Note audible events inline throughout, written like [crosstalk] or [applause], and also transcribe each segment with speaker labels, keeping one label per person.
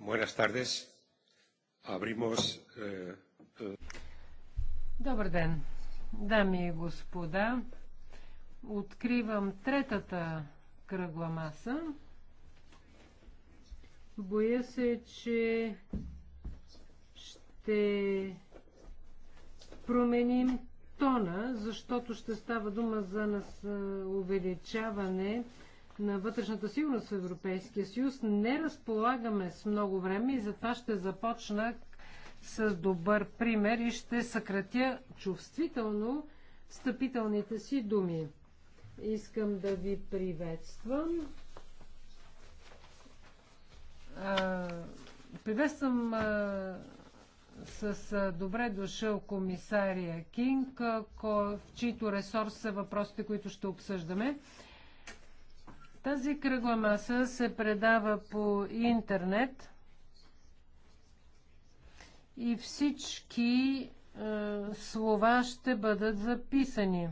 Speaker 1: Buenas tardes. Abrimos. Eh,
Speaker 2: Добър ден, дами и господа. Откривам третата кръгла маса. Боя се, че ще променим тона, защото ще става дума за нас е, увеличаване на вътрешната сигурност в Европейския съюз. Не разполагаме с много време и затова ще започна с добър пример и ще съкратя чувствително встъпителните си думи. Искам да ви приветствам. А, приветствам а, с а, добре дошъл комисария Кинг, в чийто ресурс са въпросите, които ще обсъждаме. Тази кръгла маса се предава по интернет и всички е, слова ще бъдат записани.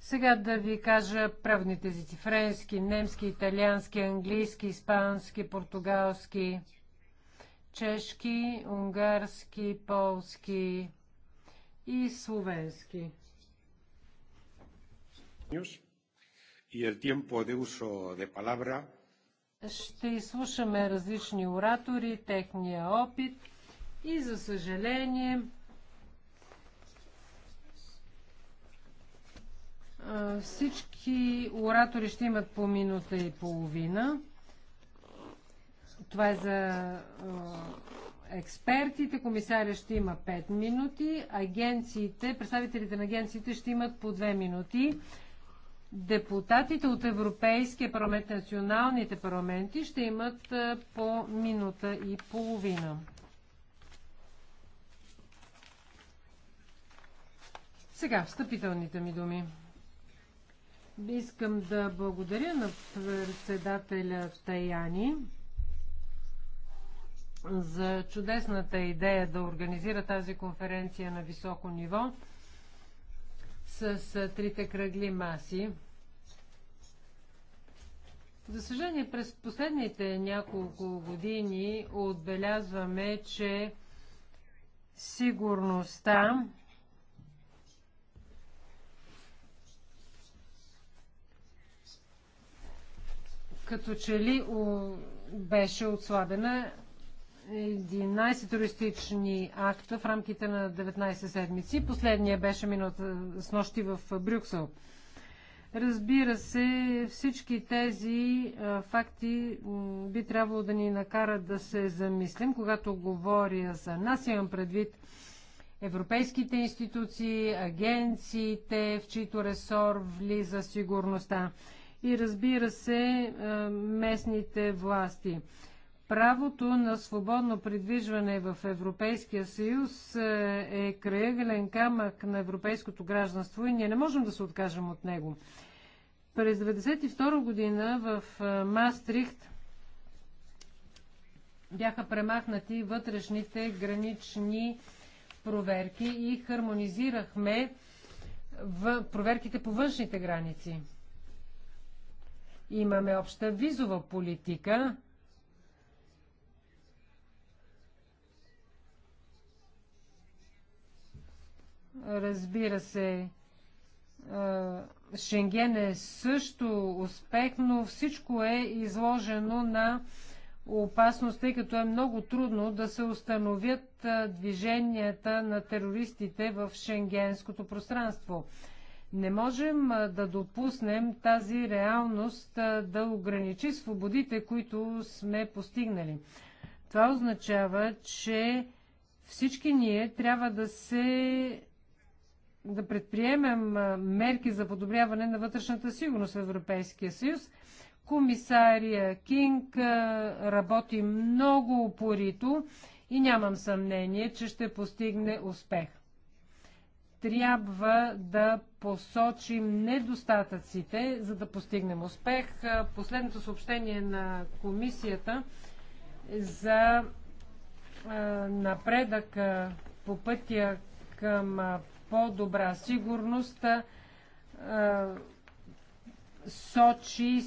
Speaker 2: Сега да ви кажа правните езици. Френски, немски, италиански, английски, испански, португалски, чешки, унгарски, полски и словенски.
Speaker 3: Нюш el tiempo de uso de palabra.
Speaker 2: Ще изслушаме различни оратори, техния опит и за съжаление всички оратори ще имат по минута и половина. Това е за експертите, комисаря ще има 5 минути, агенциите, представителите на агенциите ще имат по 2 минути депутатите от Европейския парламент, националните парламенти ще имат по минута и половина. Сега, встъпителните ми думи. Искам да благодаря на председателя Таяни за чудесната идея да организира тази конференция на високо ниво с трите кръгли маси. За съжаление, през последните няколко години отбелязваме, че сигурността като че ли беше отслабена 11 туристични акта в рамките на 19 седмици. Последния беше миналата с нощи в Брюксел. Разбира се, всички тези а, факти би трябвало да ни накарат да се замислим, когато говоря за нас, имам предвид европейските институции, агенциите, в чието ресор влиза сигурността и разбира се местните власти. Правото на свободно придвижване в Европейския съюз е краеглен камък на европейското гражданство и ние не можем да се откажем от него. През 1992 година в Мастрихт бяха премахнати вътрешните гранични проверки и хармонизирахме в проверките по външните граници. Имаме обща визова политика. Разбира се, Шенген е също успех, но всичко е изложено на опасност, тъй като е много трудно да се установят движенията на терористите в шенгенското пространство. Не можем да допуснем тази реалност да ограничи свободите, които сме постигнали. Това означава, че всички ние трябва да се да предприемем мерки за подобряване на вътрешната сигурност в Европейския съюз. Комисария Кинг работи много упорито и нямам съмнение, че ще постигне успех. Трябва да посочим недостатъците, за да постигнем успех. Последното съобщение на комисията за напредък по пътя към по-добра сигурност сочи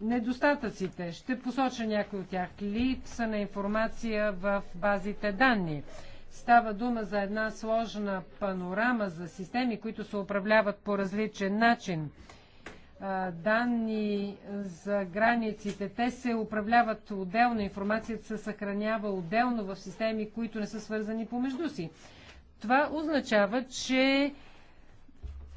Speaker 2: недостатъците. Ще посоча някои от тях. Липса на информация в базите данни. Става дума за една сложна панорама за системи, които се управляват по различен начин данни за границите. Те се управляват отделно, информацията се съхранява отделно в системи, които не са свързани помежду си. Това означава, че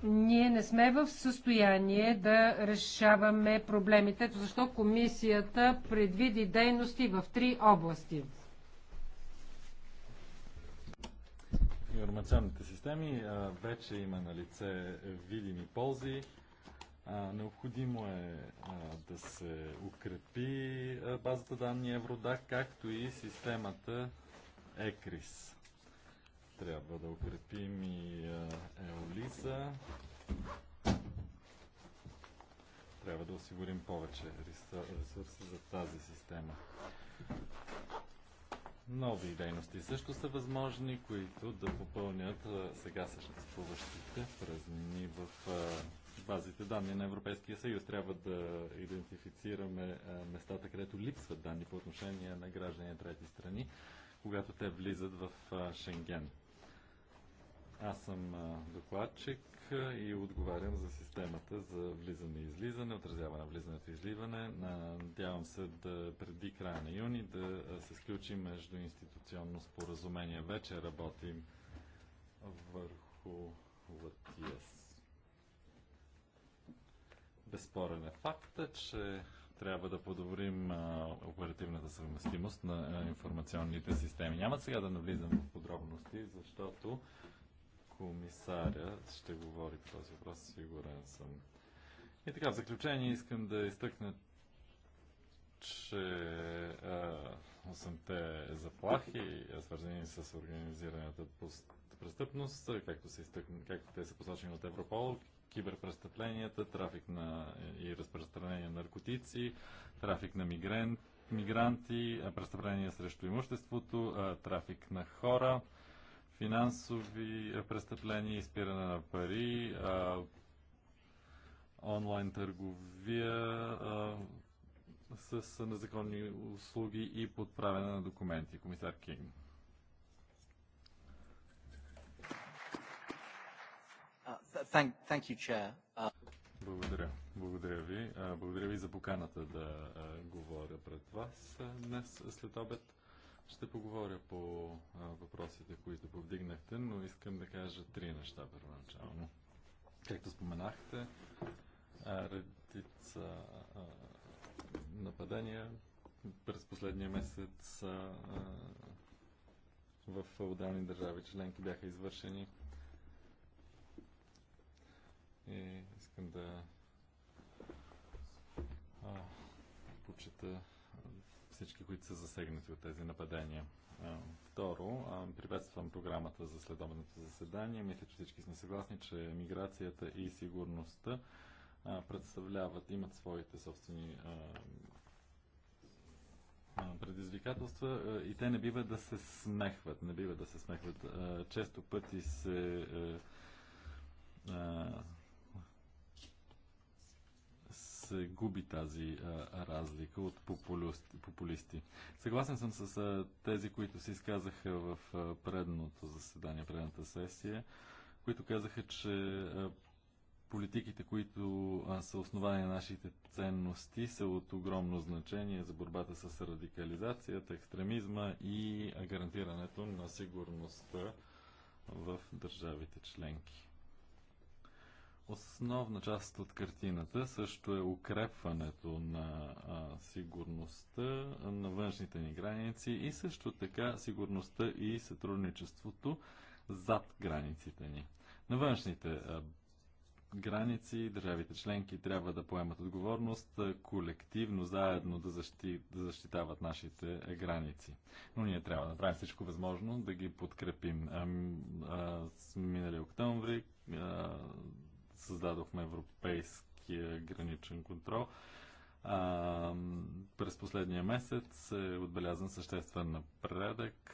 Speaker 2: ние не сме в състояние да решаваме проблемите, защо комисията предвиди дейности в три области.
Speaker 1: Информационните системи вече има на лице видими ползи. А, необходимо е а, да се укрепи а, базата данни Евродак, както и системата ЕКРИС. Трябва да укрепим и Еолиза. Трябва да осигурим повече ресурси за тази система. Нови дейности също са възможни, които да попълнят сега съществуващите празнини в базите данни на Европейския съюз. Трябва да идентифицираме е, местата, където липсват данни по отношение на граждани на трети страни, когато те влизат в е, Шенген. Аз съм е, докладчик и отговарям за системата за влизане и излизане, отразяване на влизането и изливане. Надявам се да преди края на юни да се сключи между институционно споразумение. Вече работим върху Латиас. Безспорен е факта, че трябва да подобрим а, оперативната съвместимост на а, информационните системи. Няма сега да навлизам в подробности, защото комисаря ще говори по този въпрос, сигурен съм. И така, в заключение искам да изтъкна, че а, 8-те заплахи, свързани с организираната престъпност, както, се изтъкна, както те са посочени от Европол, киберпрестъпленията, трафик на и разпространение на наркотици, трафик на мигрент, мигранти, престъпления срещу имуществото, трафик на хора, финансови престъпления, изпиране на пари, онлайн търговия с незаконни услуги и подправяне на документи. Комисар Кинг.
Speaker 4: Thank, you, Chair.
Speaker 1: Благодаря. Благодаря ви. Благодаря ви за поканата да говоря пред вас днес след обед. Ще поговоря по въпросите, които повдигнахте, но искам да кажа три неща първоначално. Както споменахте, редица нападения през последния месец в отделни държави членки бяха извършени и искам да а, почета всички, които са засегнати от тези нападения. Второ, приветствам програмата за следобедното заседание. Мисля, че всички сме съгласни, че миграцията и сигурността представляват, имат своите собствени предизвикателства и те не бива да се смехват. Не бива да се смехват. Често пъти се е, се губи тази а, разлика от популюст, популисти. Съгласен съм с а, тези, които се изказаха в а, предното заседание, предната сесия, които казаха, че а, политиките, които а, са основани на нашите ценности, са от огромно значение за борбата с радикализацията, екстремизма и гарантирането на сигурността в държавите членки. Основна част от картината също е укрепването на а, сигурността на външните ни граници и също така сигурността и сътрудничеството зад границите ни. На външните а, граници държавите членки трябва да поемат отговорност а, колективно, заедно да, защи, да защитават нашите а, граници. Но ние трябва да направим всичко възможно да ги подкрепим. А, а, минали октомври. А, създадохме Европейския граничен контрол. А, през последния месец е отбелязан съществен напредък.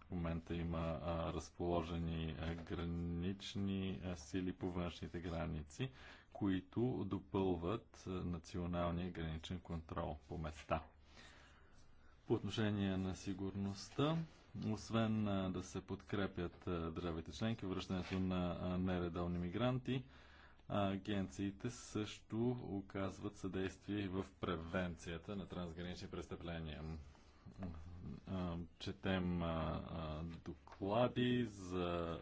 Speaker 1: В момента има а, разположени а, гранични а, сили по външните граници, които допълват националния граничен контрол по места. По отношение на сигурността, освен да се подкрепят държавите членки, връщането на нередовни мигранти, Агенциите също оказват съдействие и в превенцията на трансгранични престъпления. Четем доклади за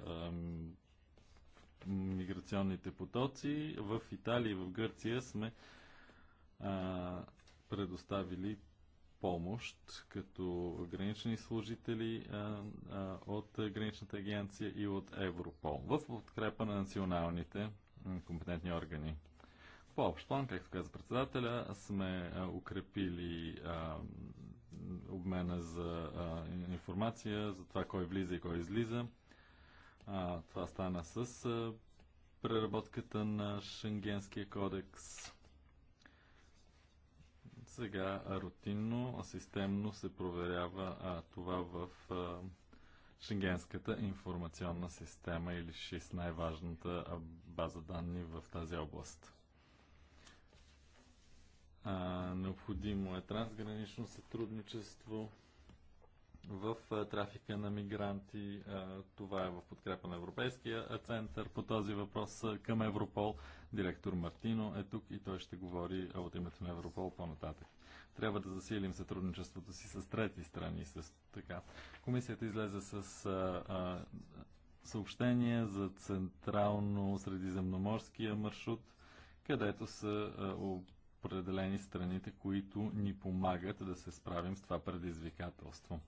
Speaker 1: миграционните потоци. В Италия и в Гърция сме предоставили помощ като гранични служители а, а, от Граничната агенция и от Европол в подкрепа на националните компетентни органи. По-общо, план, както каза председателя, сме укрепили а, обмена за а, информация за това кой влиза и кой излиза. А, това стана с а, преработката на Шенгенския кодекс. Сега рутинно, системно се проверява а, това в а, Шенгенската информационна система или е ШИС, най-важната база данни в тази област. А, необходимо е трансгранично сътрудничество в а, трафика на мигранти. А, това е в подкрепа на Европейския център. По този въпрос към Европол директор Мартино е тук и той ще говори от името на Европол по-нататък. Трябва да засилим сътрудничеството си с трети страни. С, така. Комисията излезе с а, а, съобщение за централно-средиземноморския маршрут, където са а, определени страните, които ни помагат да се справим с това предизвикателство.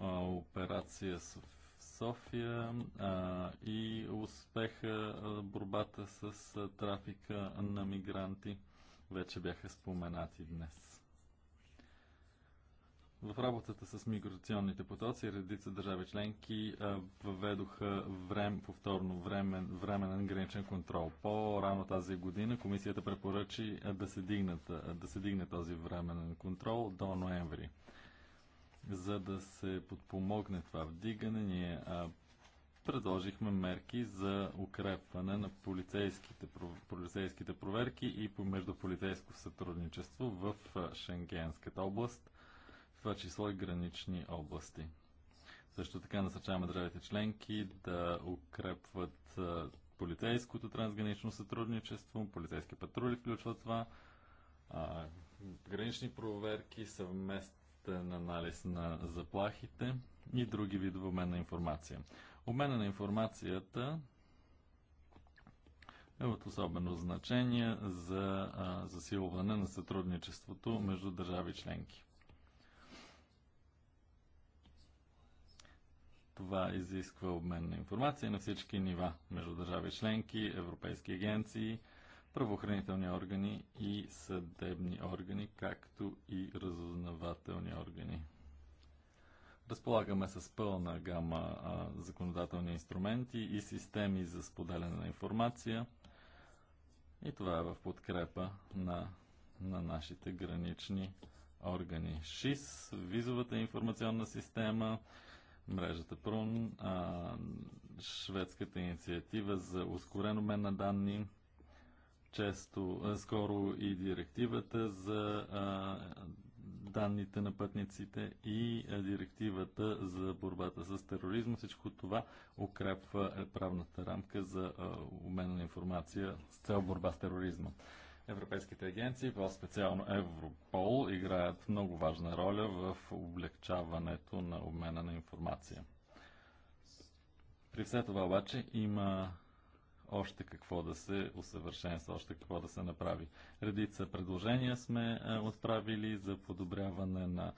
Speaker 1: А, операция с София а, и успеха а, борбата с а, трафика на мигранти вече бяха споменати днес. В работата с миграционните потоци редица държави членки въведоха врем, повторно времен, временен граничен контрол. По-рано тази година комисията препоръчи да се, дигнат, да се дигне този временен контрол до ноември. За да се подпомогне това вдигане, ние предложихме мерки за укрепване на полицейските, полицейските проверки и междуполицейско сътрудничество в Шенгенската област, в това число и гранични области. Също така насърчаваме държавите членки да укрепват полицейското трансгранично сътрудничество, полицейски патрули включват това, а, гранични проверки, съвместен анализ на заплахите и други видове на информация. Обмена на информацията е от особено значение за засилване на сътрудничеството между държави членки. Това изисква обмен на информация на всички нива между държави членки, европейски агенции, правоохранителни органи и съдебни органи, както и разузнавателни органи. Разполагаме с пълна гама а, законодателни инструменти и системи за споделяне на информация. И това е в подкрепа на, на нашите гранични органи. ШИС, визовата информационна система, мрежата ПРУН, а, шведската инициатива за ускорен обмен на данни, често, а, скоро и директивата за а, данните на пътниците и е, директивата за борбата с тероризма. Всичко това укрепва е, правната рамка за е, обмен на информация с цел борба с тероризма. Европейските агенции, по-специално Европол, играят много важна роля в облегчаването на обмена на информация. При все това обаче има още какво да се усъвършенства, още какво да се направи. Редица предложения сме е, отправили за подобряване на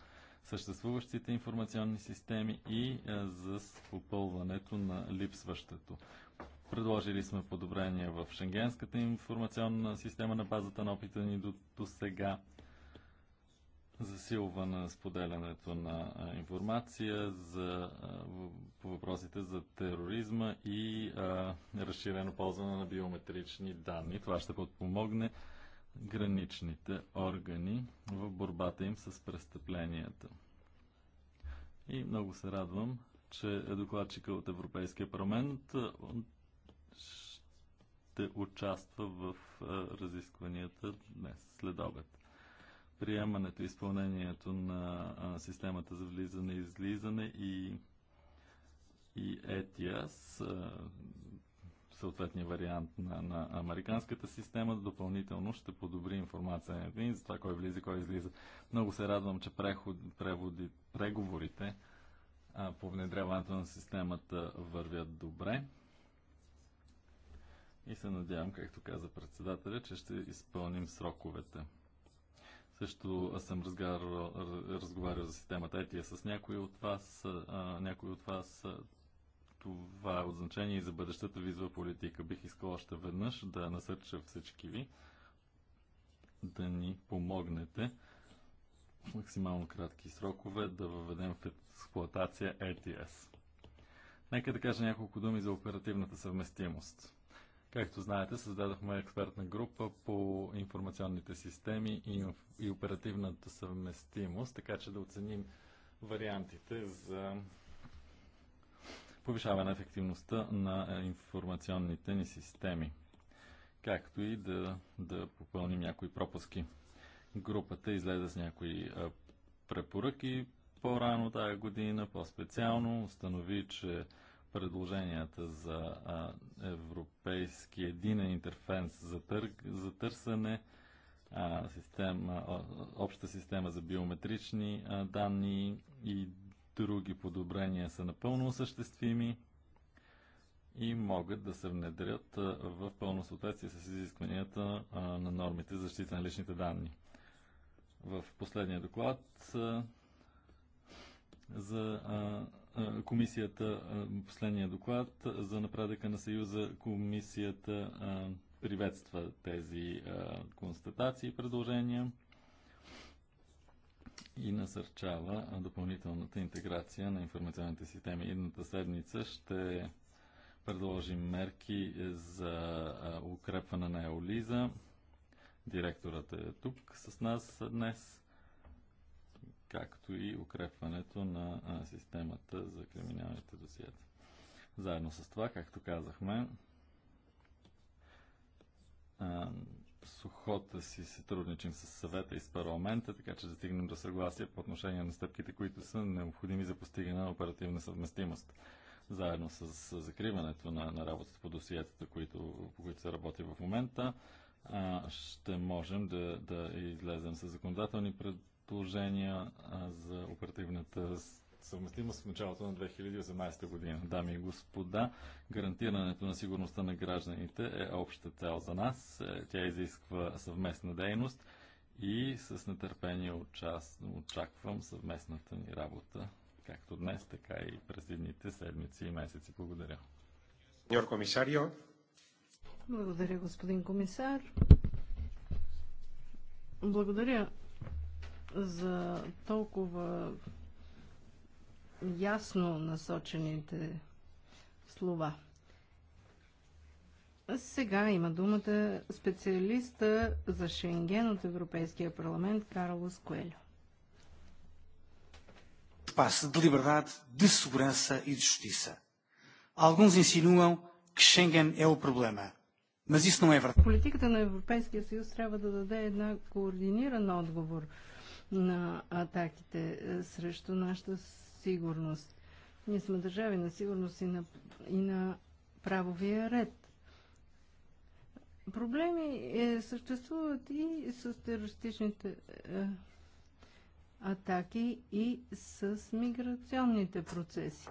Speaker 1: съществуващите информационни системи и е, за попълването на липсващото. Предложили сме подобрения в Шенгенската информационна система на базата на опита ни до, до сега засилва на споделянето на информация за, по въпросите за тероризма и а, разширено ползване на биометрични данни. Това ще подпомогне граничните органи в борбата им с престъпленията. И много се радвам, че докладчика от Европейския парламент ще участва в разискванията днес след обед приемането и изпълнението на а, системата за влизане и излизане и, и ETIAS, а, съответния вариант на, на американската система, допълнително ще подобри информацията ни за това кой влиза и кой излиза. Много се радвам, че преход, преводи, преговорите а, по внедряването на системата вървят добре. И се надявам, както каза председателя, че ще изпълним сроковете. Също съм разговарял, разговарял за системата ETIA с някои от вас. А, някои от вас това е от значение и за бъдещата визва политика. Бих искал още веднъж да насърча всички ви да ни помогнете в максимално кратки срокове да въведем в експлоатация ETS. Нека да кажа няколко думи за оперативната съвместимост. Както знаете, създадохме експертна група по информационните системи и, и оперативната съвместимост, така че да оценим вариантите за повишаване на ефективността на е, информационните ни системи, както и да, да попълним някои пропуски. Групата излезе с някои е, препоръки по-рано тази година, по-специално установи, че предложенията за а, европейски единен интерференс за, търг, за търсене, а, система, обща система за биометрични а, данни и други подобрения са напълно осъществими и могат да се внедрят в пълно съответствие с изискванията на нормите за защита на личните данни. В последния доклад за комисията, последния доклад за напредъка на Съюза, комисията приветства тези констатации и предложения и насърчава допълнителната интеграция на информационните системи. Едната седмица ще предложим мерки за укрепване на Еолиза. Директорът е тук с нас днес както и укрепването на системата за криминалните досиета. Заедно с това, както казахме, сухота си си сътрудничим с съвета и с парламента, така че да стигнем до съгласие по отношение на стъпките, които са необходими за постигане на оперативна съвместимост. Заедно с закриването на, на работата по досиетата, които, по които се работи в момента, ще можем да, да излезем с законодателни пред, предположения за оперативната съвместимост в началото на 2018 година. Дами и господа, гарантирането на сигурността на гражданите е обща цел за нас. Е, тя изисква съвместна дейност и с нетърпение очаквам съвместната ни работа, както днес, така и през едните седмици и месеци. Благодаря. комисарио,
Speaker 4: Благодаря, господин комисар. Благодаря за толкова ясно насочените слова. Сега има думата специалиста за Шенген от Европейския парламент Карлос Коелю.
Speaker 3: Espaço de liberdade, de segurança e de justiça. Alguns insinuam que Schengen é o problema. Mas isso não é verdade.
Speaker 4: Политиката на Европейския съюз трябва да даде една координиран отговор на атаките е, срещу нашата сигурност. Ние сме държави на сигурност и на, и на правовия ред. Проблеми е, съществуват и с терористичните е, атаки и с миграционните процеси.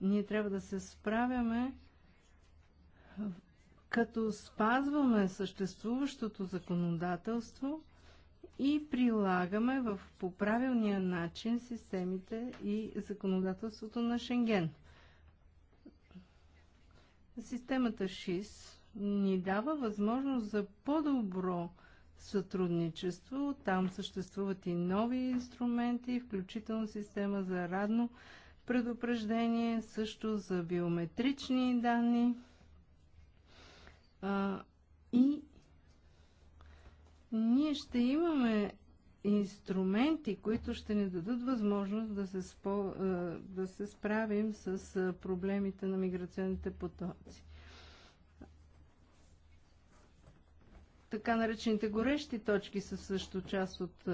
Speaker 4: Ние трябва да се справяме е, като спазваме съществуващото законодателство и прилагаме в, по правилния начин системите и законодателството на Шенген. Системата ШИС ни дава възможност за по-добро сътрудничество. Там съществуват и нови инструменти, включително система за радно предупреждение, също за биометрични данни и ние ще имаме инструменти, които ще ни дадат възможност да се, спо, да се справим с проблемите на миграционните потоци. Така наречените горещи точки са също част от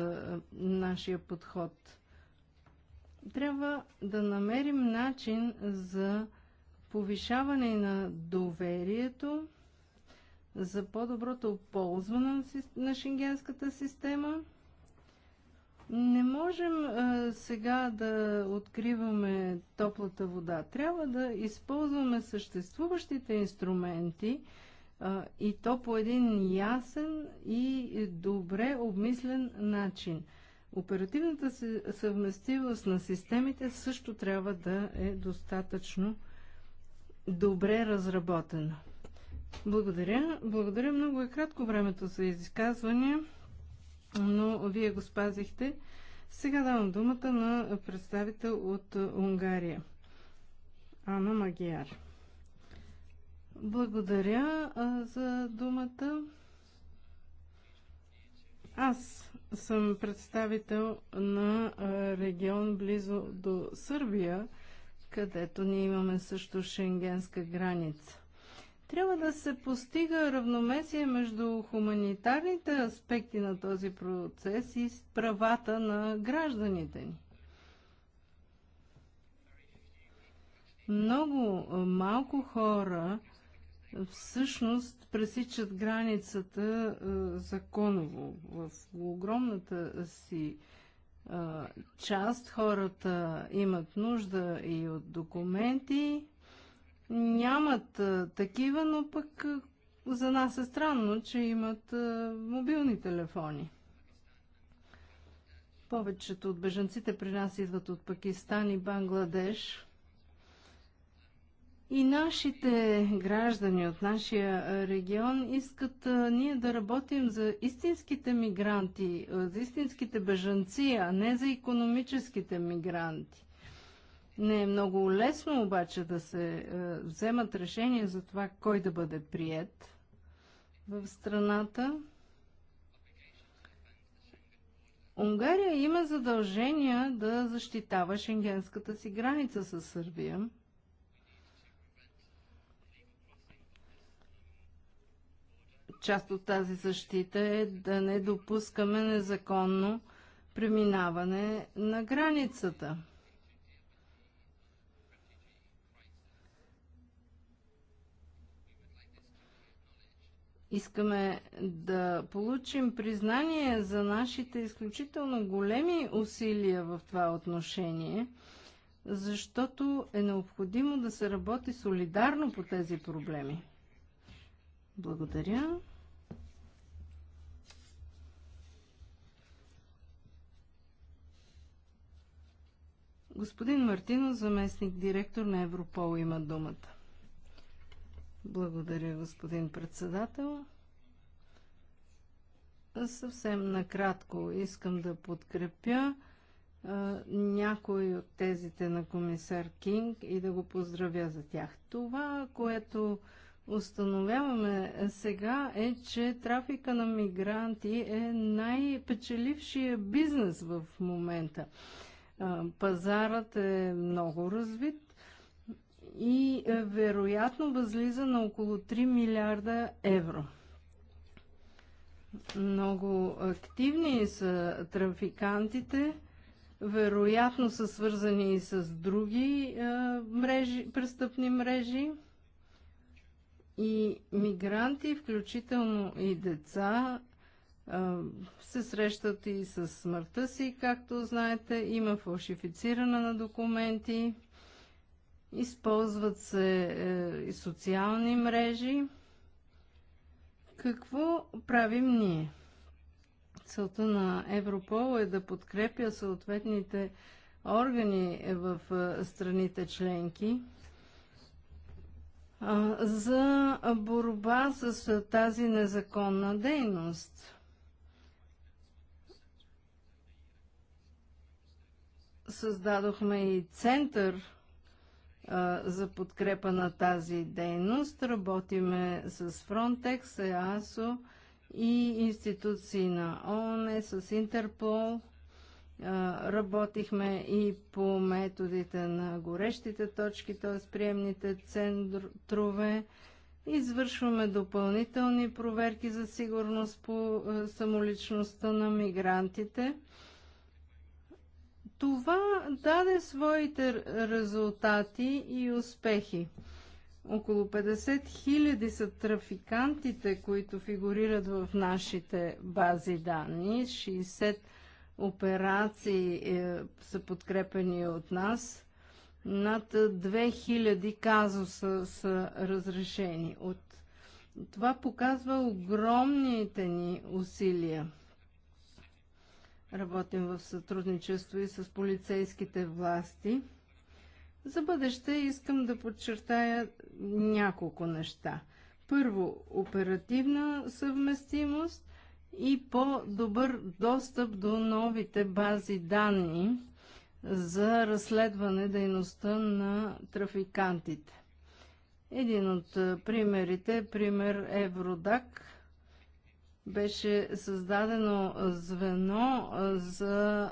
Speaker 4: нашия подход. Трябва да намерим начин за повишаване на доверието за по-доброто ползване на шенгенската система. Не можем а, сега да откриваме топлата вода. Трябва да използваме съществуващите инструменти а, и то по един ясен и добре обмислен начин. Оперативната съвместимост на системите също трябва да е достатъчно добре разработена. Благодаря. Благодаря. Много е кратко времето за изказвания, но вие го спазихте. Сега давам думата на представител от Унгария. Ана Магияр. Благодаря за думата. Аз съм представител на регион близо до Сърбия, където ние имаме също шенгенска граница. Трябва да се постига равномесие между хуманитарните аспекти на този процес и правата на гражданите ни. Много малко хора всъщност пресичат границата е, законово. В огромната си е, част хората имат нужда и от документи, нямат такива, но пък за нас е странно, че имат мобилни телефони. Повечето от бежанците при нас идват от Пакистан и Бангладеш. И нашите граждани от нашия регион искат а, ние да работим за истинските мигранти, за истинските бежанци, а не за економическите мигранти. Не е много лесно обаче да се е, вземат решения за това кой да бъде прият в страната. Унгария има задължения да защитава шенгенската си граница с Сърбия. Част от тази защита е да не допускаме незаконно преминаване на границата. Искаме да получим признание за нашите изключително големи усилия в това отношение, защото е необходимо да се работи солидарно по тези проблеми. Благодаря. Господин Мартинов, заместник директор на Европол, има думата. Благодаря, господин председател. Съвсем накратко искам да подкрепя някой от тезите на комисар Кинг и да го поздравя за тях. Това, което установяваме сега е, че трафика на мигранти е най-печелившия бизнес в момента. Пазарът е много развит и е, вероятно възлиза на около 3 милиарда евро. Много активни са трафикантите, вероятно са свързани и с други е, мрежи, престъпни мрежи и мигранти, включително и деца, е, се срещат и с смъртта си, както знаете, има фалшифициране на документи. Използват се е, и социални мрежи. Какво правим ние? Целта на Европол е да подкрепя съответните органи е, в е, страните членки за борба с тази незаконна дейност. Създадохме и център за подкрепа на тази дейност. Работиме с Frontex, EASO и институции на ООН, с Интерпол. Работихме и по методите на горещите точки, т.е. приемните центрове. Извършваме допълнителни проверки за сигурност по самоличността на мигрантите. Това даде своите резултати и успехи. Около 50 000 са трафикантите, които фигурират в нашите бази данни. 60 операции е, са подкрепени от нас. Над 2000 казуса са разрешени. От... Това показва огромните ни усилия. Работим в сътрудничество и с полицейските власти. За бъдеще искам да подчертая няколко неща. Първо, оперативна съвместимост и по-добър достъп до новите бази данни за разследване дейността на трафикантите. Един от примерите е пример Евродак – беше създадено звено за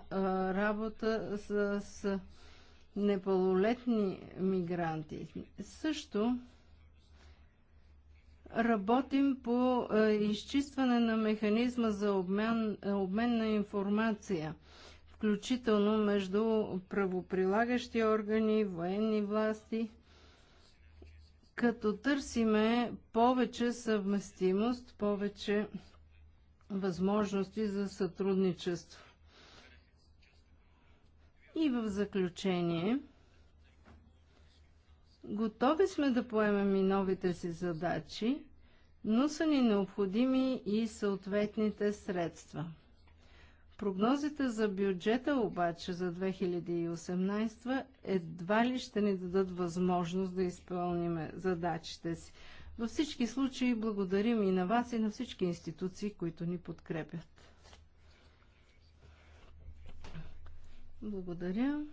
Speaker 4: работа с непълнолетни мигранти. Също работим по изчистване на механизма за обмен, обмен на информация, включително между правоприлагащи органи, военни власти, като търсиме повече съвместимост, повече възможности за сътрудничество. И в заключение, готови сме да поемем и новите си задачи, но са ни необходими и съответните средства. Прогнозите за бюджета обаче за 2018 едва ли ще ни дадат възможност да изпълним задачите си. Във всички случаи благодарим и на вас и на всички институции, които ни подкрепят. Благодаря.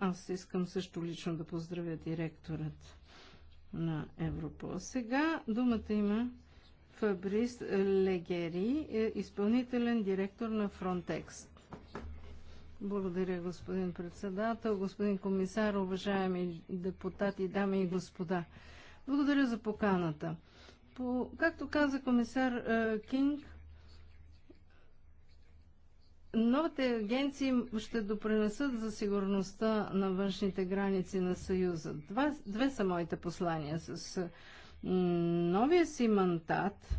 Speaker 4: Аз искам също лично да поздравя директорът на Европол. Сега думата има Фабрис Легери, е, изпълнителен директор на Фронтекст. Благодаря, господин председател, господин комисар, уважаеми депутати, дами и господа. Благодаря за поканата. По, както каза комисар е, Кинг, новите агенции ще допринесат за сигурността на външните граници на Съюза. Два, две са моите послания. С е, новия си мандат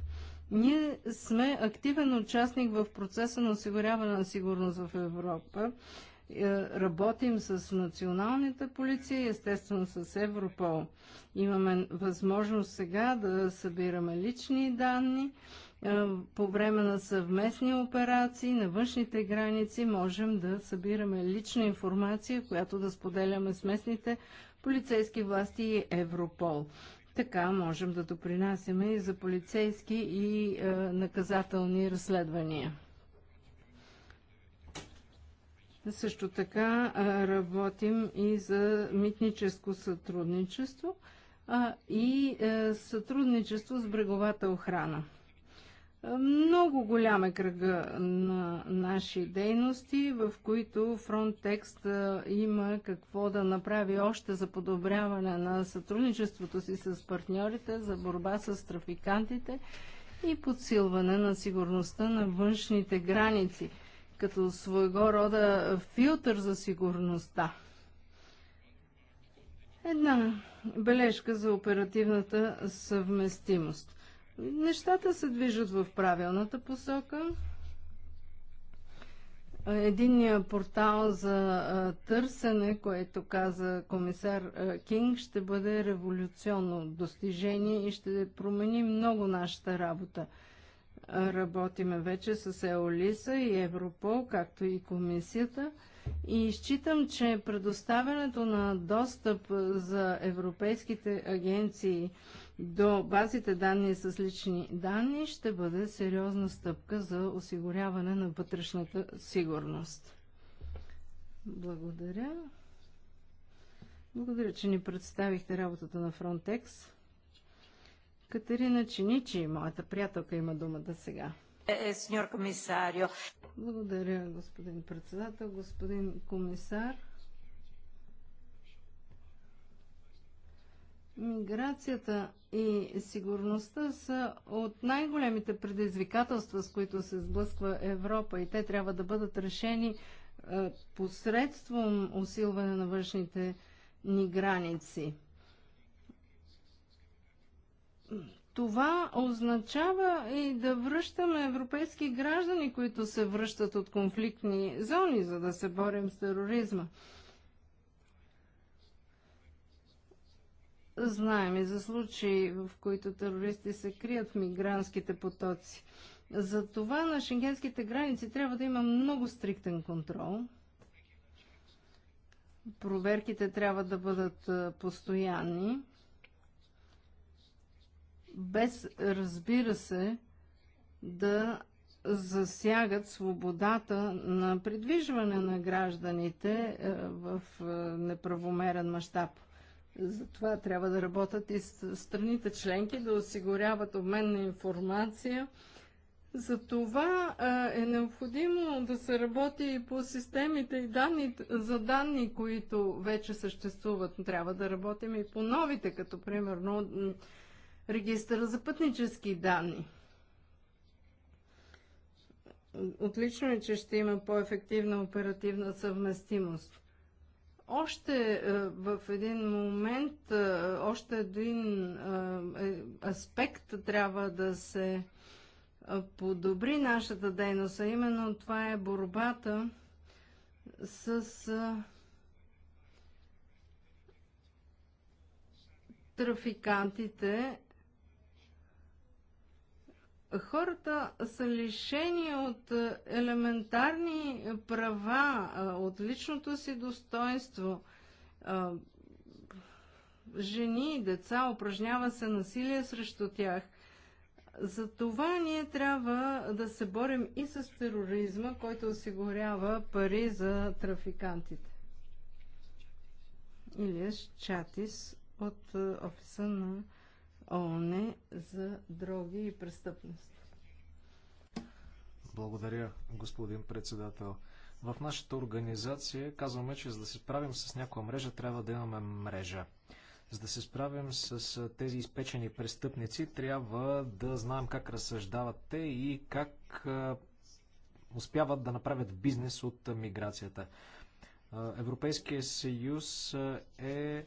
Speaker 4: ние сме активен участник в процеса на осигуряване на сигурност в Европа. Е, работим с националната полиция и естествено с Европол. Имаме възможност сега да събираме лични данни. Е, по време на съвместни операции на външните граници можем да събираме лична информация, която да споделяме с местните полицейски власти и Европол. Така можем да допринасяме и за полицейски и е, наказателни разследвания. Също така е, работим и за митническо сътрудничество е, и е, сътрудничество с бреговата охрана. Много голям е кръга на наши дейности, в които Frontex има какво да направи още за подобряване на сътрудничеството си с партньорите, за борба с трафикантите и подсилване на сигурността на външните граници, като своего рода филтър за сигурността. Една бележка за оперативната съвместимост. Нещата се движат в правилната посока. Единният портал за търсене, което каза комисар Кинг, ще бъде революционно достижение и ще промени много нашата работа. Работиме вече с Еолиса и Европол, както и комисията. И считам, че предоставянето на достъп за европейските агенции до базите данни с лични данни ще бъде сериозна стъпка за осигуряване на вътрешната сигурност. Благодаря. Благодаря, че ни представихте работата на Frontex. Катерина Чиничи, моята приятелка, има думата сега. Е, е, сеньор комисарио. Благодаря, господин председател, господин комисар. Миграцията и сигурността са от най-големите предизвикателства, с които се сблъсква Европа и те трябва да бъдат решени е, посредством усилване на външните ни граници. Това означава и да връщаме европейски граждани, които се връщат от конфликтни зони, за да се борим с тероризма. Знаем и за случаи, в които терористи се крият в мигрантските потоци. За това на шенгенските граници трябва да има много стриктен контрол. Проверките трябва да бъдат постоянни. Без, разбира се, да засягат свободата на придвижване на гражданите в неправомерен мащаб. Затова трябва да работят и страните членки, да осигуряват обмен на информация. За това е необходимо да се работи и по системите и данни, за данни, които вече съществуват. Трябва да работим и по новите, като примерно регистъра за пътнически данни. Отлично е, че ще има по-ефективна оперативна съвместимост още е, в един момент, е, още един е, аспект трябва да се подобри нашата дейност, а именно това е борбата с трафикантите хората са лишени от е, елементарни права, е, от личното си достоинство. Е, жени и деца упражнява се насилие срещу тях. За това ние трябва да се борим и с тероризма, който осигурява пари за трафикантите. Или с чатис от офиса на ООН е за дроги и престъпност.
Speaker 3: Благодаря, господин председател. В нашата организация казваме, че за да се справим с някоя мрежа, трябва да имаме мрежа. За да се справим с тези изпечени престъпници, трябва да знаем как разсъждават те и как успяват да направят бизнес от миграцията. Европейския съюз е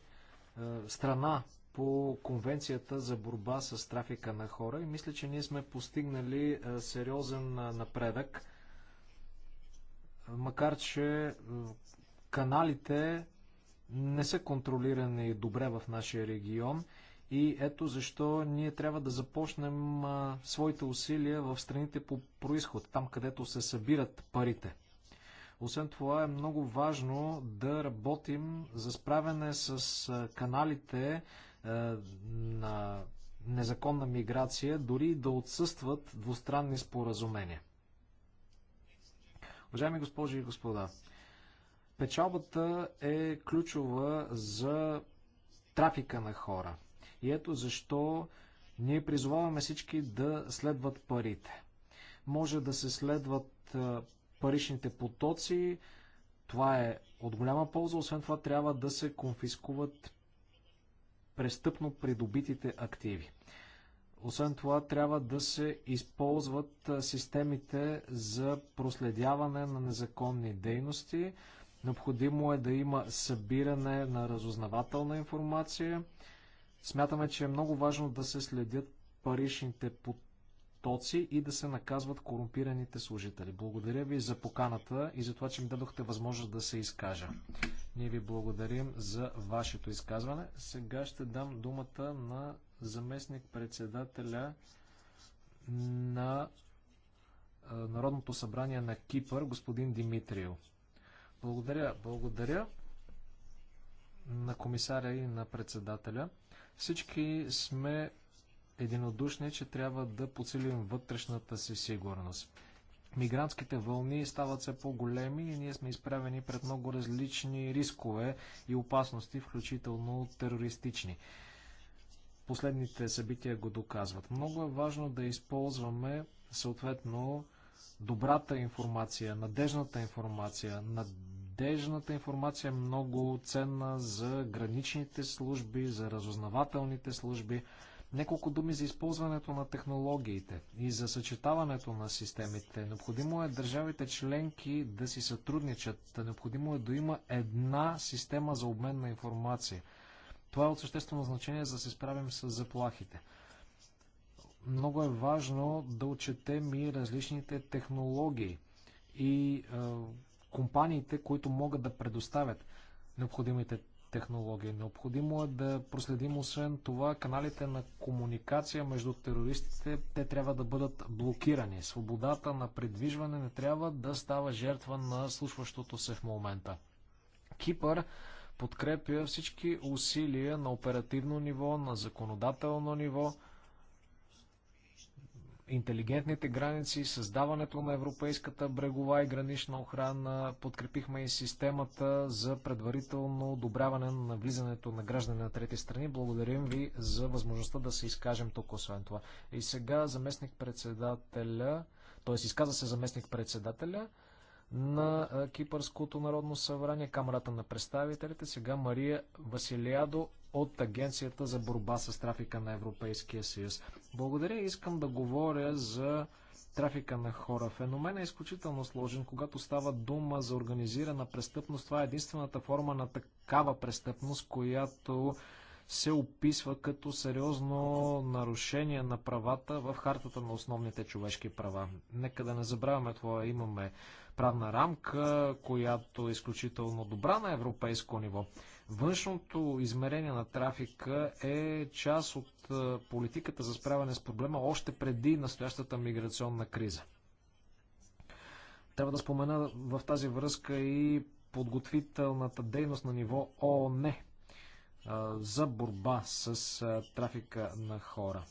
Speaker 3: страна по Конвенцията за борба с трафика на хора и мисля, че ние сме постигнали е, сериозен е, напредък, макар че е, каналите не са контролирани добре в нашия регион и ето защо ние трябва да започнем своите усилия в страните по происход, там където се събират парите. Освен това е много важно да работим за справяне с каналите е, на незаконна миграция, дори да отсъстват двустранни споразумения. Уважаеми госпожи и господа, печалбата е ключова за трафика на хора. И ето защо ние призоваваме всички да следват парите. Може да се следват е, паричните потоци, това е от голяма полза, освен това трябва да се конфискуват престъпно придобитите активи. Освен това, трябва да се използват системите за проследяване на незаконни дейности. Необходимо е да има събиране на разузнавателна информация. Смятаме, че е много важно да се следят паричните потоци и да се наказват корумпираните служители. Благодаря ви за поканата и за това, че ми дадохте възможност да се изкажа. Ние ви благодарим за вашето изказване. Сега ще дам думата на заместник-председателя на Народното събрание на Кипър, господин Димитрио. Благодаря, благодаря на комисаря и на председателя. Всички сме единодушни, че трябва да подсилим вътрешната си сигурност. Мигрантските вълни стават все по-големи и ние сме изправени пред много различни рискове и опасности, включително терористични. Последните събития го доказват. Много е важно да използваме съответно добрата информация, надежната информация. Надежната информация е много ценна за граничните служби, за разузнавателните служби. Неколко думи за използването на технологиите и за съчетаването на системите. Необходимо е държавите членки да си сътрудничат. Необходимо е да има една система за обмен на информация. Това е от съществено значение за да се справим с заплахите. Много е важно да отчетем и различните технологии и е, компаниите, които могат да предоставят необходимите технология. Необходимо е да проследим освен това каналите на комуникация между терористите. Те трябва да бъдат блокирани. Свободата на предвижване не трябва да става жертва на случващото се в момента. Кипър подкрепя всички усилия на оперативно ниво, на законодателно ниво – интелигентните граници, създаването на европейската брегова и гранична охрана. Подкрепихме и системата за предварително одобряване на влизането на граждани на трети страни. Благодарим ви за възможността да се изкажем тук, освен това. И сега заместник председателя, т.е. изказа се заместник председателя на Кипърското народно събрание, Камерата на представителите, сега Мария Василиадо от Агенцията за борба с трафика на Европейския съюз. Благодаря и искам да говоря за трафика на хора. Феномен е изключително сложен, когато става дума за организирана престъпност. Това е единствената форма на такава престъпност, която се описва като сериозно нарушение на правата в хартата на основните човешки права. Нека да не забравяме това. Имаме правна рамка, която е изключително добра на европейско ниво. Външното измерение на трафика е част от е, политиката за справяне с проблема още преди настоящата миграционна криза. Трябва да спомена в тази връзка и подготвителната дейност на ниво ООН е, за борба с е, трафика на хора.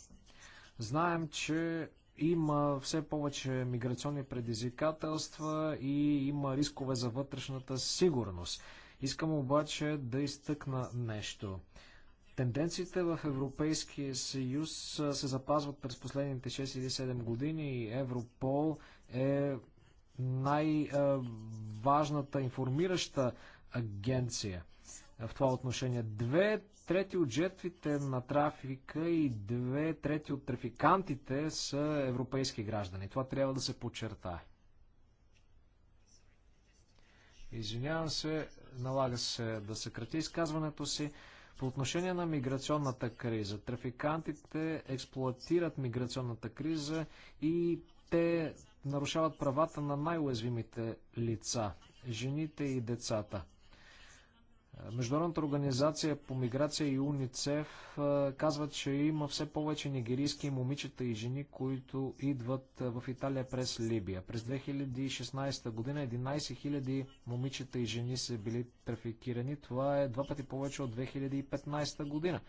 Speaker 3: Знаем, че има все повече миграционни предизвикателства и има рискове за вътрешната сигурност. Искам обаче да изтъкна нещо. Тенденциите в Европейския съюз се запазват през последните 6 или 7 години и Европол е най-важната информираща агенция в това отношение. Две трети от жертвите на трафика и две трети от трафикантите са европейски граждани. Това трябва да се подчертае. Извинявам се, налага се да съкрати изказването си. По отношение на миграционната криза, трафикантите експлуатират миграционната криза и те нарушават правата на най-уязвимите лица – жените и децата. Международната организация по миграция и УНИЦЕФ казват, че има все повече нигерийски момичета и жени, които идват в Италия през Либия. През 2016 година 11 000 момичета и жени са били трафикирани. Това е два пъти повече от 2015 година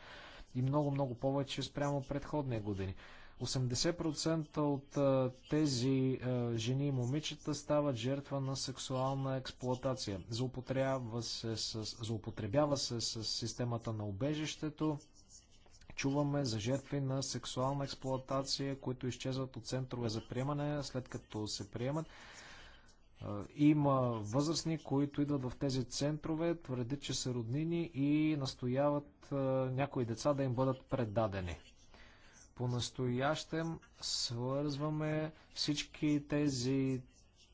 Speaker 3: и много-много повече спрямо предходни години. 80% от а, тези а, жени и момичета стават жертва на сексуална експлоатация. Злоупотребява се с, злоупотребява се с системата на убежището. Чуваме за жертви на сексуална експлоатация, които изчезват от центрове за приемане, след като се приемат. Има възрастни, които идват в тези центрове, твърдят, че са роднини и настояват някои деца да им бъдат предадени. По-настоящем свързваме всички тези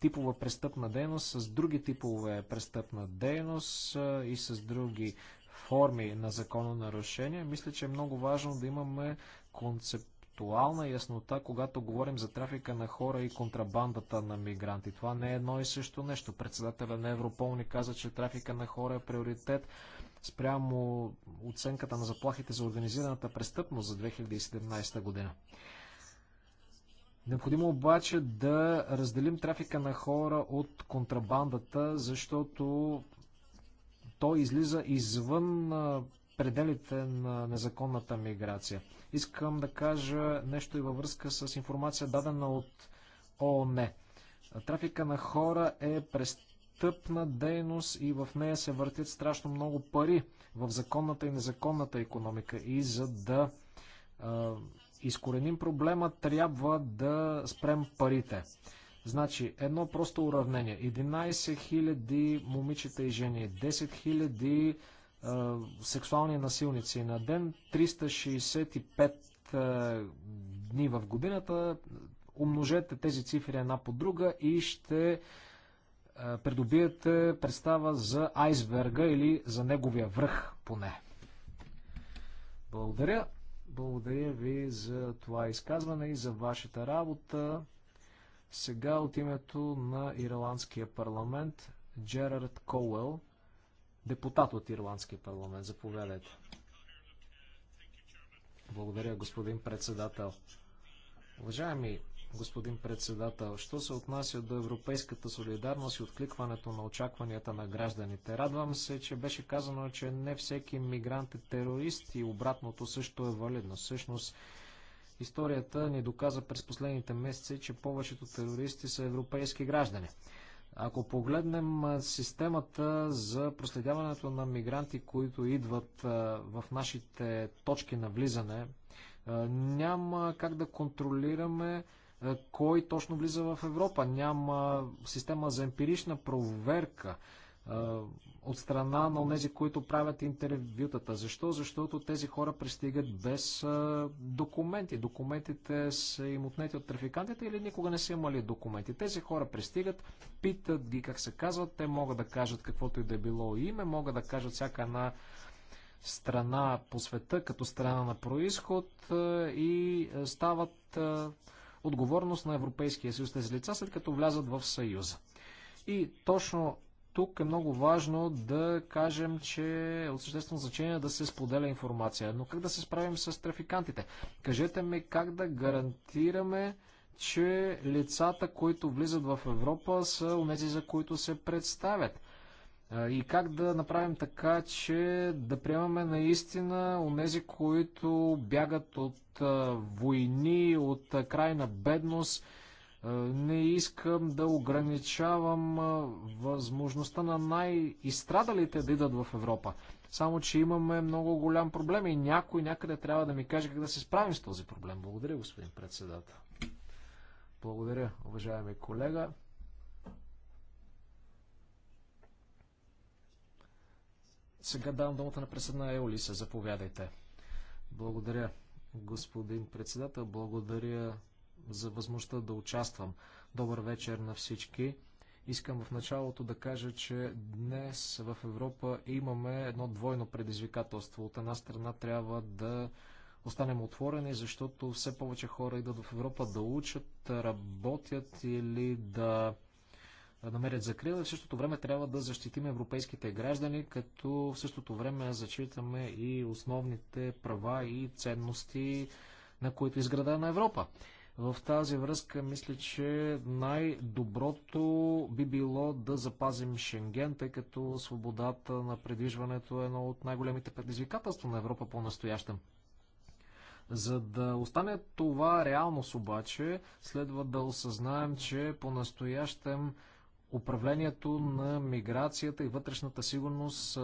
Speaker 3: типова престъпна дейност с други типове престъпна дейност и с други форми на нарушение. Мисля, че е много важно да имаме концептуална яснота, когато говорим за трафика на хора и контрабандата на мигранти. Това не е едно и също нещо. Председателя на Европол ни каза, че трафика на хора е приоритет спрямо оценката на заплахите за организираната престъпност за 2017 година. Необходимо обаче да разделим трафика на хора от контрабандата, защото той излиза извън пределите на незаконната миграция. Искам да кажа нещо и във връзка с информация дадена от ООН. Е. Трафика на хора е престъпност престъпна дейност и в нея се въртят страшно много пари в законната и незаконната економика. И за да а, изкореним проблема, трябва да спрем парите. Значи, едно просто уравнение. 11 000 момичета и жени, 10 000 сексуални насилници на ден, 365 дни в годината. Умножете тези цифри една по друга и ще е, придобиете представа за айсберга или за неговия връх поне. Благодаря. Благодаря ви за това изказване и за вашата работа. Сега от името на Ирландския парламент Джерард Коуел, депутат от Ирландския парламент. Заповядайте. Благодаря, господин председател. Уважаеми господин председател. Що се отнася до европейската солидарност и откликването на очакванията на гражданите? Радвам се, че беше казано, че не всеки мигрант е терорист и обратното също е валидно. Всъщност, историята ни доказа през последните месеци, че повечето терористи са европейски граждани. Ако погледнем системата за проследяването на мигранти, които идват в нашите точки на влизане, няма как да контролираме е, кой точно влиза в Европа. Няма система за емпирична проверка е, от страна на тези, които правят интервютата. Защо? Защото тези хора пристигат без е, документи. Документите са им отнети от трафикантите или никога не са имали документи. Тези хора пристигат, питат ги как се казват, те могат да кажат каквото и да е било име, могат да кажат всяка една страна по света като страна на происход и стават отговорност на Европейския съюз тези лица, след като влязат в Съюза. И точно тук е много важно да кажем, че е от съществено значение да се споделя информация. Но как да се справим с трафикантите? Кажете ми как да гарантираме, че лицата, които влизат в Европа, са унези, за които се представят. И как да направим така, че да приемаме наистина онези, които бягат от войни, от крайна бедност. Не искам да ограничавам възможността на най-изстрадалите да идат в Европа. Само, че имаме много голям проблем и някой някъде трябва да ми каже как да се справим с този проблем. Благодаря, господин председател. Благодаря, уважаеми колега. Сега давам думата на председна Еолиса. Заповядайте. Благодаря, господин председател. Благодаря за възможността да участвам. Добър вечер на всички. Искам в началото да кажа, че днес в Европа имаме едно двойно предизвикателство. От една страна трябва да останем отворени, защото все повече хора идват в Европа да учат, работят или да намерят закрила. В същото време трябва да защитим европейските граждани, като в същото време зачитаме и основните права и ценности, на които е изграда на Европа. В тази връзка мисля, че най-доброто би било да запазим Шенген, тъй като свободата на предвижването е едно от най-големите предизвикателства на Европа по-настоящем. За да остане това реалност обаче, следва да осъзнаем, че по-настоящем управлението на миграцията и вътрешната сигурност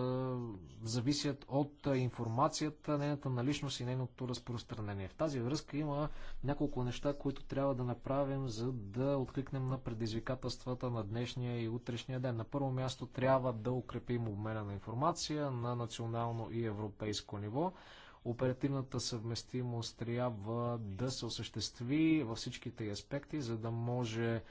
Speaker 3: зависят от информацията, нейната наличност и нейното разпространение. В тази връзка има няколко неща, които трябва да направим, за да откликнем на предизвикателствата на днешния и утрешния ден. На първо място трябва да укрепим обмена на информация на национално и европейско ниво оперативната съвместимост трябва да се осъществи във всичките аспекти, за да може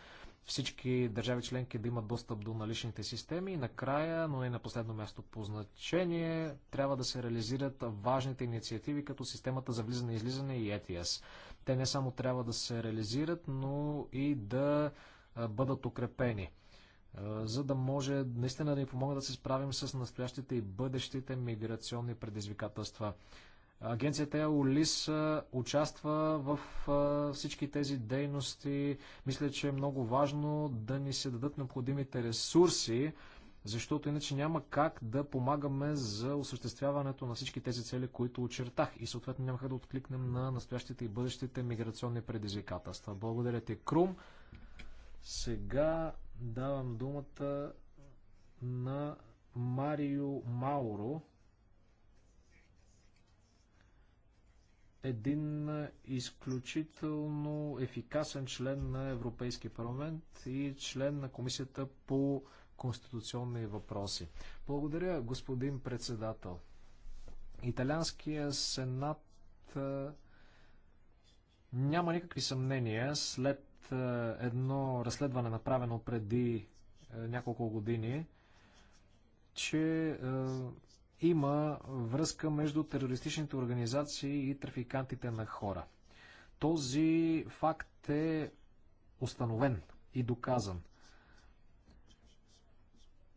Speaker 3: всички държави членки да имат достъп до наличните системи и накрая, но и на последно място по значение, трябва да се реализират важните инициативи като системата за влизане и излизане и ETS. Е Те не само трябва да се реализират, но и да бъдат укрепени за да може наистина да ни помогнат да се справим с настоящите и бъдещите миграционни предизвикателства. Агенцията EOLIS участва в всички тези дейности. Мисля, че е много важно да ни се дадат необходимите ресурси, защото иначе няма как да помагаме за осъществяването на всички тези цели, които очертах и съответно няма как да откликнем на настоящите и бъдещите миграционни предизвикателства. Благодаря ти, Крум. Сега давам думата на Марио Мауро, един изключително ефикасен член на Европейския парламент и член на Комисията по конституционни въпроси. Благодаря, господин председател. Италианския сенат няма никакви съмнения след едно разследване, направено преди няколко години, че има връзка между терористичните организации и трафикантите на хора. Този факт е установен и доказан.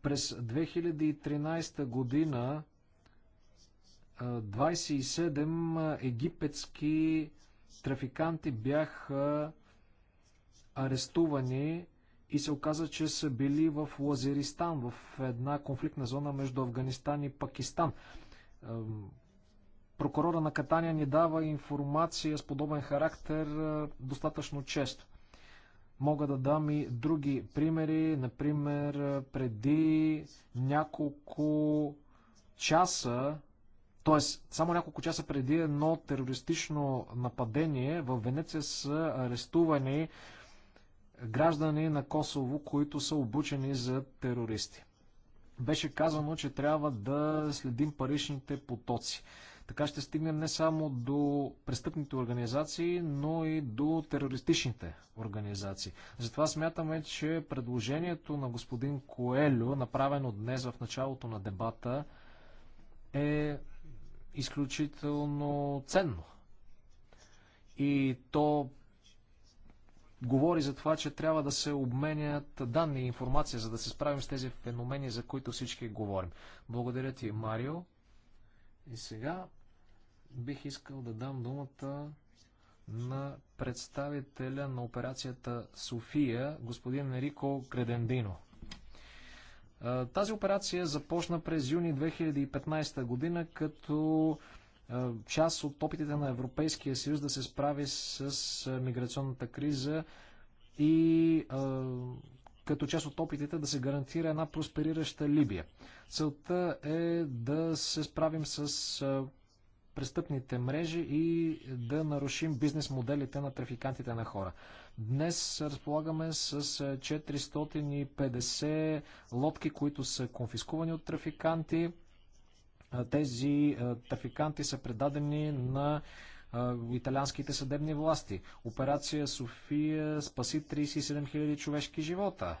Speaker 3: През 2013 година 27 египетски трафиканти бяха арестувани и се оказа, че са били в Лазеристан, в една конфликтна зона между Афганистан и Пакистан. Прокурора на Катания ни дава информация с подобен характер достатъчно често. Мога да дам и други примери. Например, преди няколко часа, т.е. само няколко часа преди едно терористично нападение, в Венеция са арестувани граждани на Косово, които са обучени за терористи. Беше казано, че трябва да следим паричните потоци. Така ще стигнем не само до престъпните организации, но и до терористичните организации. Затова смятаме, че предложението на господин Коелю, направено днес в началото на дебата, е изключително ценно. И то говори за това, че трябва да се обменят данни и информация, за да се справим с тези феномени, за които всички говорим. Благодаря ти, Марио. И сега бих искал да дам думата на представителя на операцията София, господин Рико Кредендино. Тази операция започна през юни 2015 година като е, част от опитите на Европейския съюз да се справи с е, миграционната криза и е, като част от опитите да се гарантира една просперираща Либия. Целта е да се справим с престъпните мрежи и да нарушим бизнес моделите на трафикантите на хора. Днес разполагаме с 450 лодки, които са конфискувани от трафиканти тези трафиканти са предадени на италианските съдебни власти. Операция София спаси 37 000 човешки живота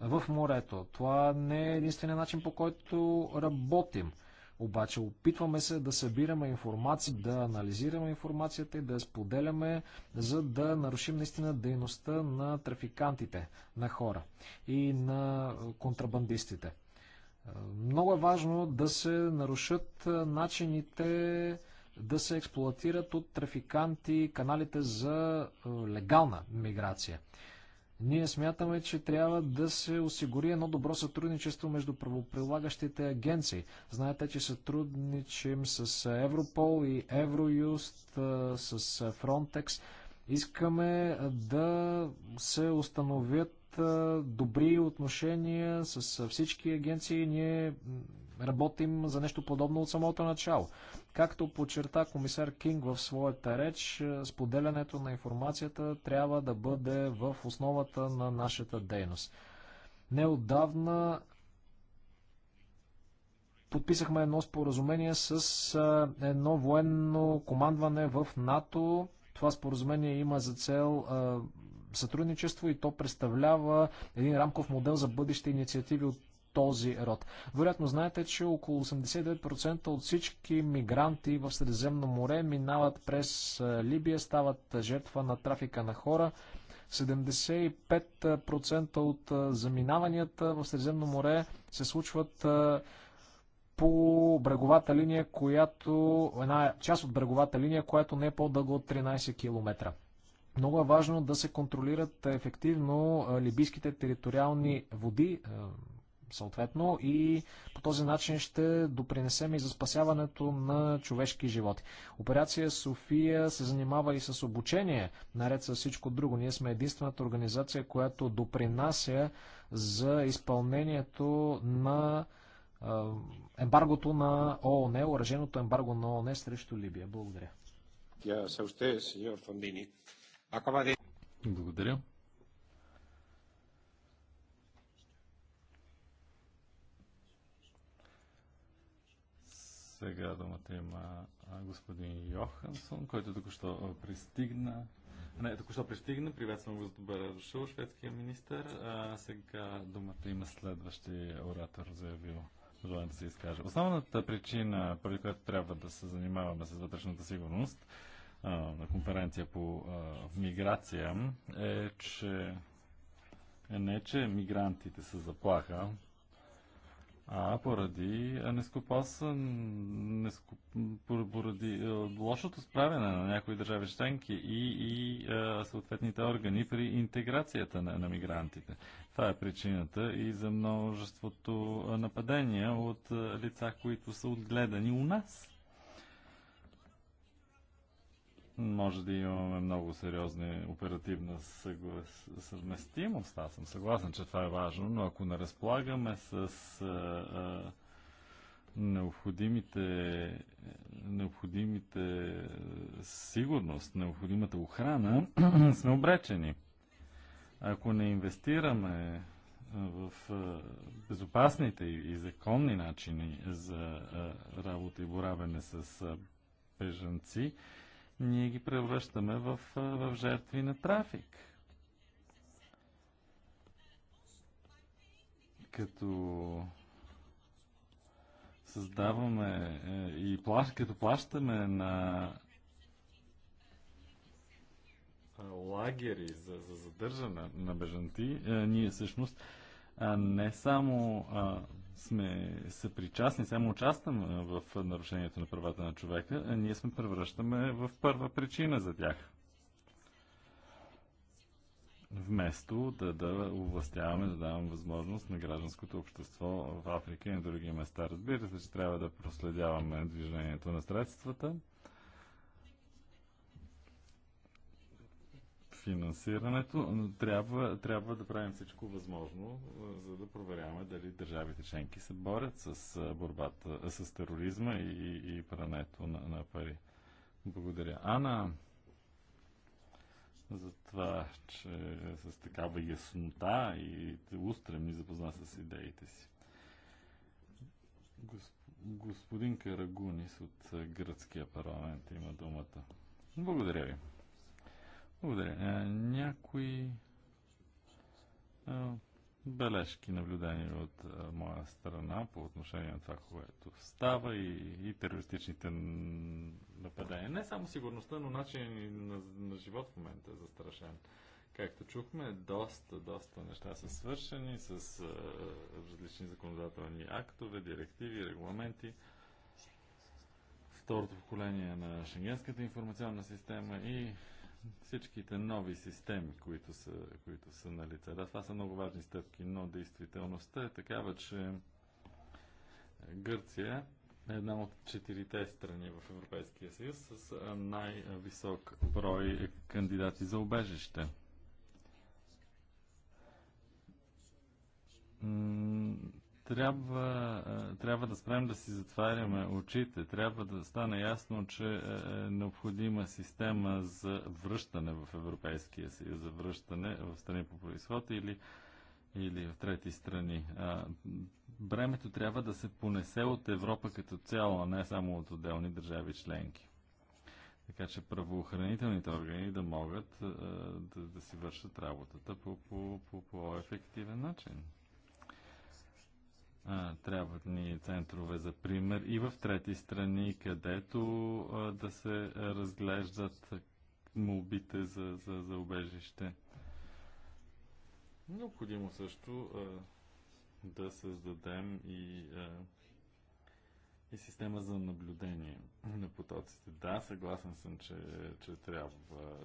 Speaker 3: в морето. Това не е единствения начин по който работим. Обаче опитваме се да събираме информация, да анализираме информацията и да я споделяме, за да нарушим наистина дейността на трафикантите, на хора и на контрабандистите. Много е важно да се нарушат начините да се експлуатират от трафиканти каналите за легална миграция. Ние смятаме, че трябва да се осигури едно добро сътрудничество между правоприлагащите агенции. Знаете, че сътрудничим с Европол и Евроюст, с Фронтекс. Искаме да се установят добри отношения с всички агенции. Ние работим за нещо подобно от самото начало. Както подчерта комисар Кинг в своята реч, споделянето на информацията трябва да бъде в основата на нашата дейност. Неодавна подписахме едно споразумение с едно военно командване в НАТО. Това споразумение има за цел сътрудничество и то представлява един рамков модел за бъдещи инициативи от този род. Вероятно знаете, че около 89% от всички мигранти в Средиземно море минават през Либия, стават жертва на трафика на хора. 75% от заминаванията в Средиземно море се случват по бреговата линия, която, една част от бреговата линия, която не е по-дълга от 13 км. Много е важно да се контролират е, ефективно е, либийските териториални води, е, съответно, и по този начин ще допринесем и за спасяването на човешки животи. Операция София се занимава и с обучение, наред с всичко друго. Ние сме единствената организация, която допринася за изпълнението на ембаргото на ООН, уръженото ембарго на ООН срещу Либия. Благодаря.
Speaker 1: Yeah, so usted, благодаря. Сега думата има господин Йохансон, който току-що пристигна. Не, току-що пристигна. Приветствам го с добър дошъл, шведския министр. А, сега думата има следващия оратор, заявил желание да се изкаже. Основната причина, поради която трябва да се занимаваме с вътрешната сигурност, на конференция по миграция е, че е не, че мигрантите са заплаха, а поради нескопоса, нескоп... поради е, лошото справяне на някои държави членки и, и а, е, съответните органи при интеграцията на, на мигрантите. Това е причината и за множеството е, нападения от лица, които са отгледани у нас може да имаме много сериозни оперативна съглас... съвместимост. Аз съм съгласен, че това е важно, но ако не разполагаме с а, а, необходимите, необходимите сигурност, необходимата охрана, [clears throat] сме обречени. Ако не инвестираме в безопасните и законни начини за работа и боравене с бежанци, ние ги превръщаме в, в жертви на трафик. Като създаваме е, и плащ, като плащаме на лагери за, за задържане на бежанти, е, ние всъщност не само сме съпричастни, само участвам в нарушението на правата на човека, а ние сме превръщаме в първа причина за тях. Вместо да, да овластяваме, да даваме възможност на гражданското общество в Африка и на други места. Разбира се, че трябва да проследяваме движението на средствата – финансирането, трябва, трябва да правим всичко възможно, за да проверяваме дали държавите членки се борят с борбата, с тероризма и, и прането на, на пари. Благодаря. Ана, за това, че с такава яснота и устрем ми запозна с идеите си. Господин Карагунис от гръцкия парламент има думата. Благодаря ви. Благодаря. Някои бележки, наблюдени от а, моя страна по отношение на това, което става и, и терористичните нападения. Не само сигурността, но начин на, на живот в момента е застрашен. Както чухме, доста, доста неща са свършени с а, различни законодателни актове, директиви, регламенти. Второто поколение на Шенгенската информационна система и всичките нови системи, които са, които са на лице. Да, това са много важни стъпки, но действителността е такава, че Гърция е една от четирите страни в Европейския съюз с най-висок брой кандидати за обежище трябва, е, трябва да спрем да си затваряме очите. Трябва да стане ясно, че е, е необходима система за връщане в Европейския съюз, за връщане в страни по происход или, или в трети страни. Бремето трябва да се понесе от Европа като цяло, а не само от отделни държави членки. Така че правоохранителните органи да могат е, да, да си вършат работата по, по, по, по ефективен начин трябват ни центрове за пример и в трети страни, където да се разглеждат молбите за, за, за убежище. Необходимо също да създадем и, и система за наблюдение на потоците. Да, съгласен съм, че, че трябва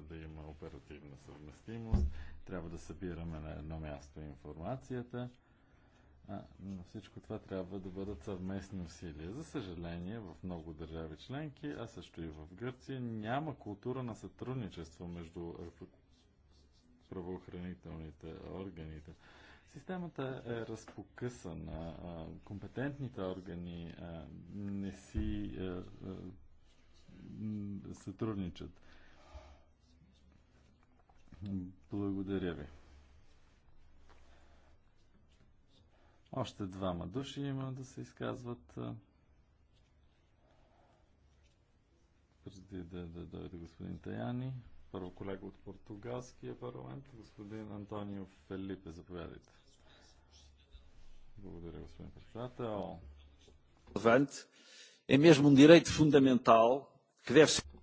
Speaker 1: да има оперативна съвместимост, трябва да събираме на едно място информацията – но всичко това трябва да бъдат съвместни усилия. За съжаление, в много държави членки, а също и в Гърция, няма култура на сътрудничество между правоохранителните органите. Системата е разпокъсана. Компетентните органи не си сътрудничат. Благодаря ви. Още двама души има да се изказват. Преди да, да дойде господин Таяни, първо колега от португалския парламент, господин Антонио Фелипе, заповядайте. Благодаря, господин председател. Е mesmo um фундаментал, fundamental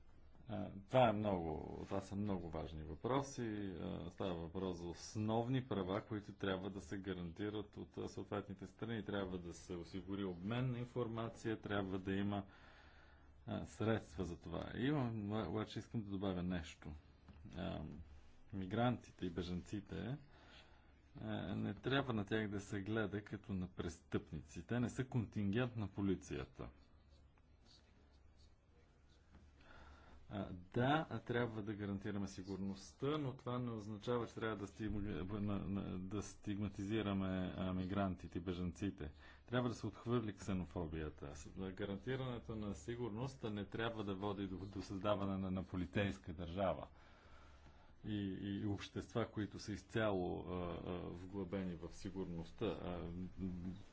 Speaker 1: това, е много, това са много важни въпроси. Става въпрос за основни права, които трябва да се гарантират от съответните страни. Трябва да се осигури обмен на информация, трябва да има средства за това. Имам, обаче искам да добавя нещо. Мигрантите и бежанците не трябва на тях да се гледа като на престъпници. Те не са контингент на полицията – Да, трябва да гарантираме сигурността, но това не означава, че трябва да, стигма, да стигматизираме мигрантите и бежанците. Трябва да се отхвърли ксенофобията. Гарантирането на сигурността не трябва да води до, до създаване на полицейска държава и, и общества, които са изцяло а, а, вглъбени в сигурността, а,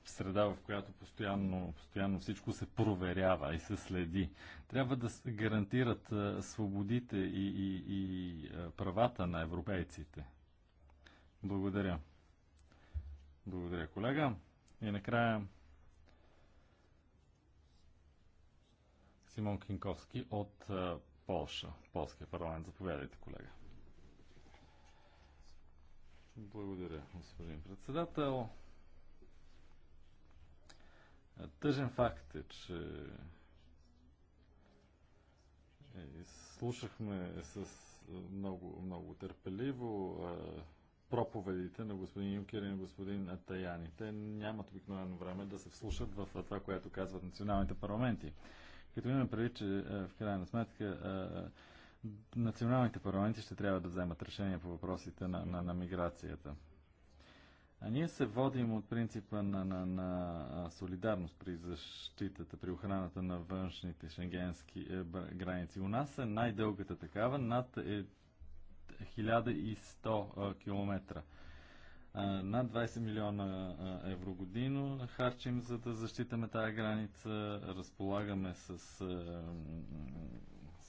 Speaker 1: среда, в която постоянно, постоянно всичко се проверява и се следи. Трябва да гарантират а, свободите и, и, и а, правата на европейците. Благодаря. Благодаря, колега. И накрая Симон Кинковски от а, Полша, Полския парламент. Заповядайте, колега. Благодаря, господин председател. Тъжен факт е, че е, слушахме с много, много търпеливо проповедите на господин Юнкер и на господин Таяни. Те нямат обикновено време да се вслушат в това, което казват националните парламенти. Като имаме преди, че в крайна сметка националните парламенти ще трябва да вземат решение по въпросите на, на, на миграцията. А ние се водим от принципа на, на, на солидарност при защитата, при охраната на външните шенгенски е, граници. У нас е най-дългата такава, над е, 1100 км. Над 20 милиона евро годино харчим, за да защитаме тази граница. Разполагаме с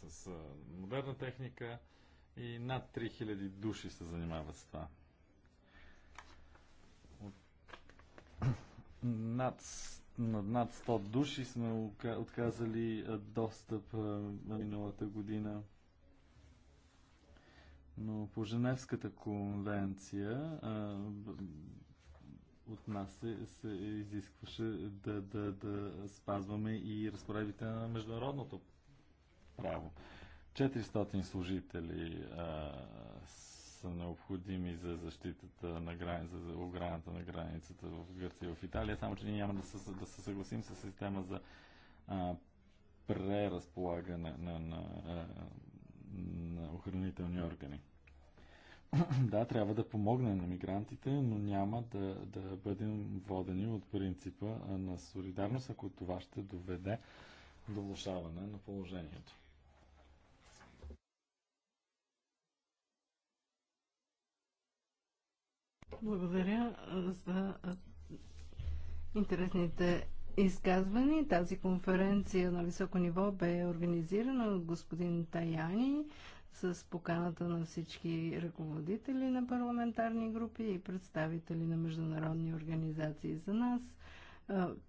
Speaker 1: с модерна техника и над 3000 души се занимават с това. Над, над, над 100 души сме отказали достъп миналата година. Но по Женевската конвенция а, от нас се, се изискваше да, да, да спазваме и разпоредбите на международното право. 400 служители а, са необходими за защитата на граница, за ограната на границата в Гърция и в Италия, само че ние няма да се, да се съгласим с система за а, преразполагане на, на, на, на охранителни органи. [clears throat] да, трябва да помогнем на мигрантите, но няма да, да бъдем водени от принципа на солидарност, ако това ще доведе до влушаване на положението.
Speaker 4: Благодаря за интересните изказвани. Тази конференция на високо ниво бе организирана от господин Таяни с поканата на всички ръководители на парламентарни групи и представители на международни организации за нас.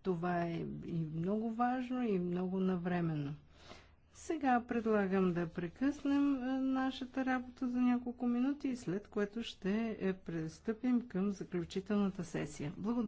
Speaker 4: Това е и много важно, и много навременно. Сега предлагам да прекъснем е, нашата работа за няколко минути, след което ще е, пристъпим към заключителната сесия. Благодаря.